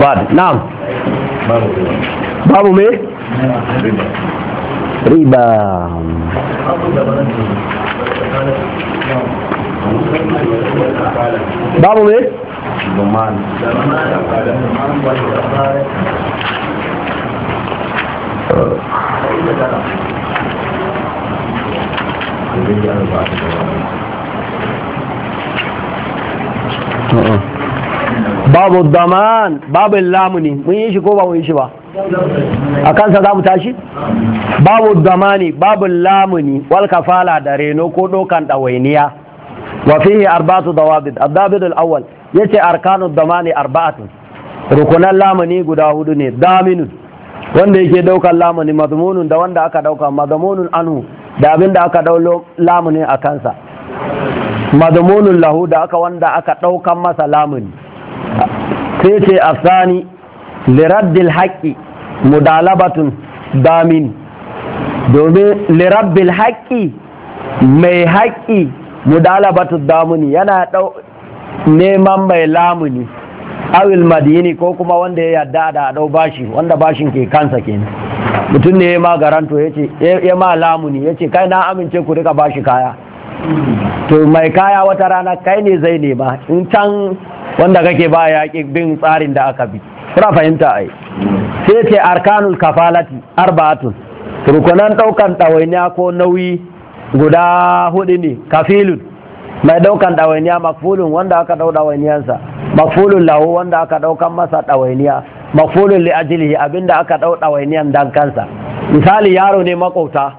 bad naam babu me babu me Uh-uh. babu daman babu lamuni mun yi shi ko ba mun yi shi ba a kansa za mu tashi babu damani babu lamuni wal kafala da reno ko dokan ɗawainiya wa fihi da dawabit ad al-awwal yace arkanu damani arbatu rukunan lamuni guda hudu ne daminun wanda yake daukan lamuni madmunun da wanda aka dauka madmunun anhu da abin da aka daulo lamuni a kansa madmunun lahu da aka wanda aka daukan masa lamuni sai ce asani liraddil haƙƙi mudalabatun damin domin lirabbil haƙƙi mai haƙƙi mudalabatun damuni yana ɗau neman mai lamuni awil madini ko kuma wanda ya yadda da ɗau bashi wanda bashin ke kansa kenan mutum ne ya ma garanto ya ce ya ma lamuni ya ce kai na amince ku rika bashi kaya to mai kaya wata rana kai ne zai nema in can wanda kake ba ya ki bin tsarin da aka bi kuna fahimta ai sai ce arkanul kafalati arba'atun rukunan daukan ɗawainiya ko nauyi guda hudu ne kafilun mai daukan ɗawainiya makfulun wanda aka dau dawainiyansa makfulun lahu wanda aka daukan masa ɗawainiya makfulun li abinda aka dau dawainiyan dan kansa misali yaro ne makauta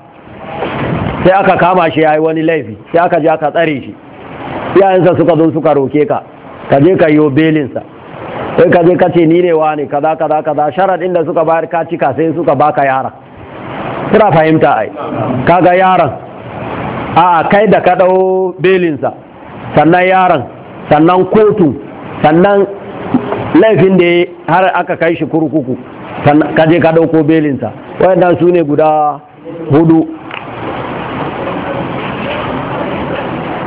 sai aka kama shi yayi wani laifi sai aka je aka tsare shi iyayensa suka zo suka roke ka ka je ka yi belinsa sai ka je ka ce ni ne wa ne kaza kaza kaza sharaɗin da suka bayar ka cika sai suka baka yaran kira fahimta ai kaga yaran a kai da ka belinsa sannan yaran sannan kotu sannan laifin da har aka kai shi kurkuku ka je ka ɗauko belinsa wayannan su ne guda hudu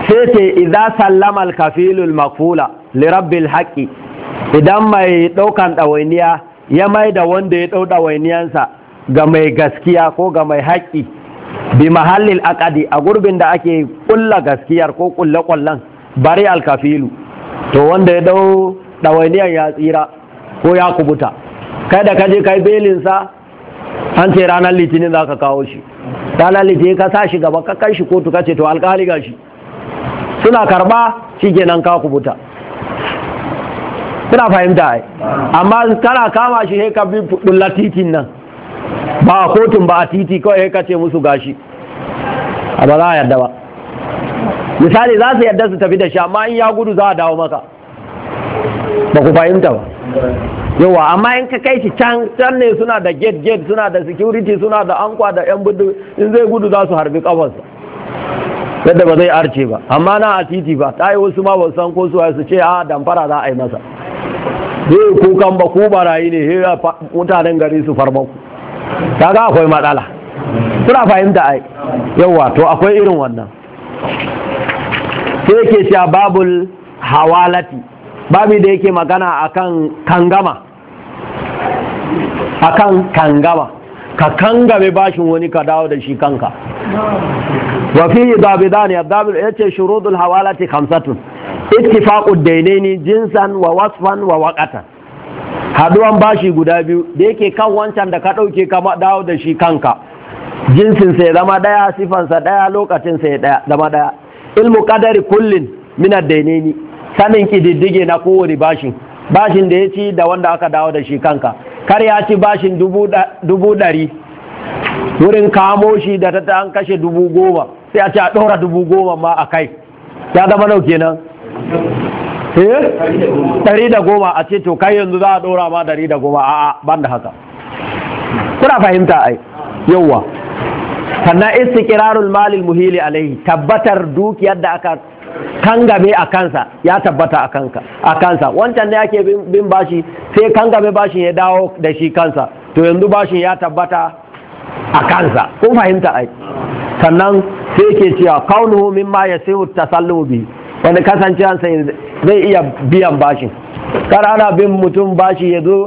sai ce idan sallama al-kafilul makfula lirabbil haƙi idan mai ɗaukan ɗawainiya ya mai da wanda ya ɗau ɗawainiyansa ga mai gaskiya ko ga mai haƙi bi mahallil akadi a gurbin da ake ƙulla gaskiyar ko ƙulle ƙullen bari alkafilu to wanda ya ɗau ɗawainiyan ya tsira ko ya kubuta kai da kaje kai belinsa an ce ranar litinin za ka kawo shi ranar litinin ka sa shi gaba ka kai shi kotu ka ce to alƙali ga shi suna karɓa shi kenan ka kubuta kuna fahimta ai amma kana kama shi he ka bi dulla titin nan ba a kotun ba a titi kawai he ka ce musu gashi a ba za a yarda ba misali za su yarda su tafi da shi amma in ya gudu za a dawo maka ba ku fahimta ba yawa amma in ka kai shi can can ne suna da gate gate suna da security suna da ankwa da yan budu in zai gudu za su harbi kafarsa yadda ba zai arce ba amma na a titi ba ta yi wasu ma ba san ko su ce a ah, damfara za a yi masa zai kukan ba ku barayi ne ya mutanen gari su farmaku ta ga akwai matsala suna fahimta ai yawa to akwai irin wannan sai ke cewa babul hawalati babi da yake magana akan kangama akan kangama ka kangame bashin wani ka dawo da shi kanka وفيه ضابطان الضابط يتي شروط الحوالة خمسة اتفاق الدينين جنسا ووصفا ووقتا haduwan bashi guda biyu da yake kan wancan da ka ɗauke ka dawo da shi kanka jinsinsa ya zama ɗaya sifansa ɗaya lokacinsa ya zama ɗaya ilmu kadari kullin minar daineni sanin ƙididdige na kowane bashin bashin da ya ci da wanda aka dawo da shi kanka kar ya ci bashin dubu ɗari wurin kamo shi da ta an kashe dubu goma sai a ce a ɗora dubu goma ma a kai ya zama nau kenan eh? ɗari da goma a ce to kai yanzu za a ɗora ma ɗari da goma a'a ban da haka kuna fahimta ai yawwa sannan istiqrarul malil muhili alaihi tabbatar dukiyar da aka kangame a kansa ya tabbata a kanka a kansa wancan ne yake bin bashi sai kangame bashin ya dawo da shi kansa to yanzu bashin ya tabbata a kansa kun fahimta ai sannan sai ke cewa kaunuhu ya sai tasallu bi wanda kasancewa sai zai iya biyan bashin kar ana bin mutum bashi ya zo